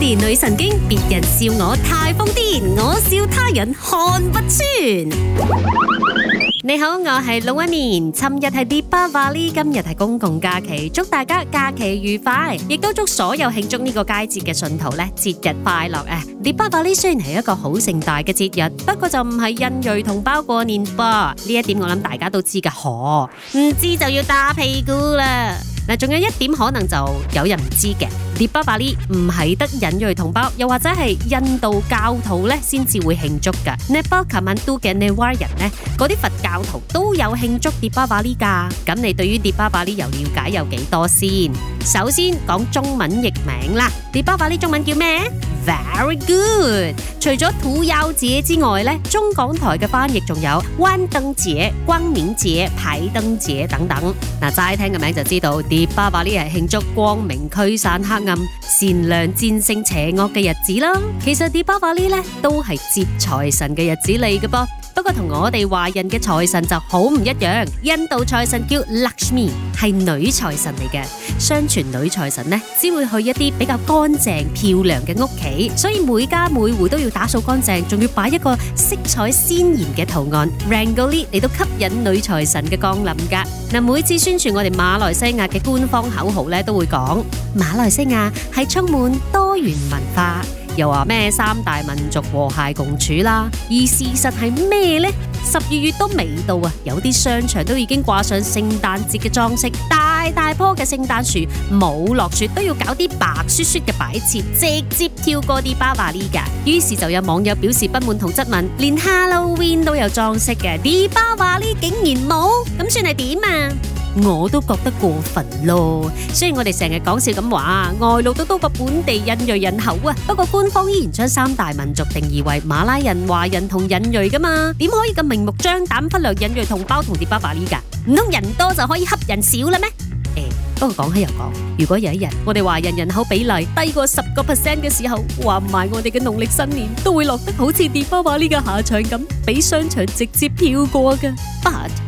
年女神經，別人笑我太瘋癲，我笑他人看不穿。你好，我係老一年，尋日係 Deepavali，今日係公共假期，祝大家假期愉快，亦都祝所有慶祝呢個佳節嘅信徒咧節日快樂誒！Deepavali 呢雖然係一個好盛大嘅節日，不過就唔係印裔同胞過年噃。呢一點我諗大家都知㗎，嗬，唔知就要打屁股啦。嗱，仲有一點可能就有人唔知嘅，Deepavali，唔係得印裔同胞，又或者係印度教徒咧先至會慶祝噶。尼泊爾加德滿都嘅尼瓦人咧，嗰啲佛教徒都有慶祝 Deepavali 噶。咁你對於 Deepavali 又了解有幾多先？首先講中文譯名啦，Deepavali，中文叫咩？Very good。除咗屠妖節之外呢，中港台嘅翻譯仲有萬燈節、光明節、排燈節等等。嗱，齋聽個名就知道，Deepavali 呢，係慶祝光明驅散黑暗、善良戰勝邪惡嘅日子啦。其實 Deepavali 呢咧都係接財神嘅日子嚟嘅噃。不過同我哋華人嘅財神就好唔一樣，印度財神叫 Lakshmi，係女財神嚟嘅。相傳女財神呢，只會去一啲比較乾淨漂亮嘅屋企，所以每家每戶都要打掃乾淨，仲要擺一個色彩鮮艷嘅圖案 Rangoli 嚟到吸引女財神嘅光臨噶。嗱，每次宣傳我哋馬來西亞嘅官方口號咧，都會講馬來西亞係充滿多元文化。又話咩三大民族和諧共處啦，而事實係咩呢？十二月,月都未到啊，有啲商場都已經掛上聖誕節嘅裝飾，大大棵嘅聖誕樹，冇落雪都要搞啲白雪雪嘅擺設，直接跳過 Deepavali 㗎。於是就有網友表示不滿同質問：連 Halloween 都有裝飾嘅，Deepavali 竟然冇，咁算係點啊？我都覺得過分咯，雖然我哋成日講笑咁話，外勞都多過本地印裔人口啊。不過官方依然將三大民族定義為馬拉人、華人同印裔噶嘛，點可以咁明目張膽忽略印裔同胞同 Deepavali 呢？噶唔通人多就可以恰人少啦咩？誒、欸，不過講起又講，如果有一日我哋華人人口比例低過十個 percent 嘅時候，話唔埋我哋嘅農曆新年都會落得好似 Deepavali 呢個下場咁，俾商場直接跳過嘅。But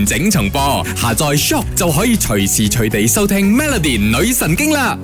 完整重播，下載 Shop 就可以隨時隨地收聽 Melody 女神經啦。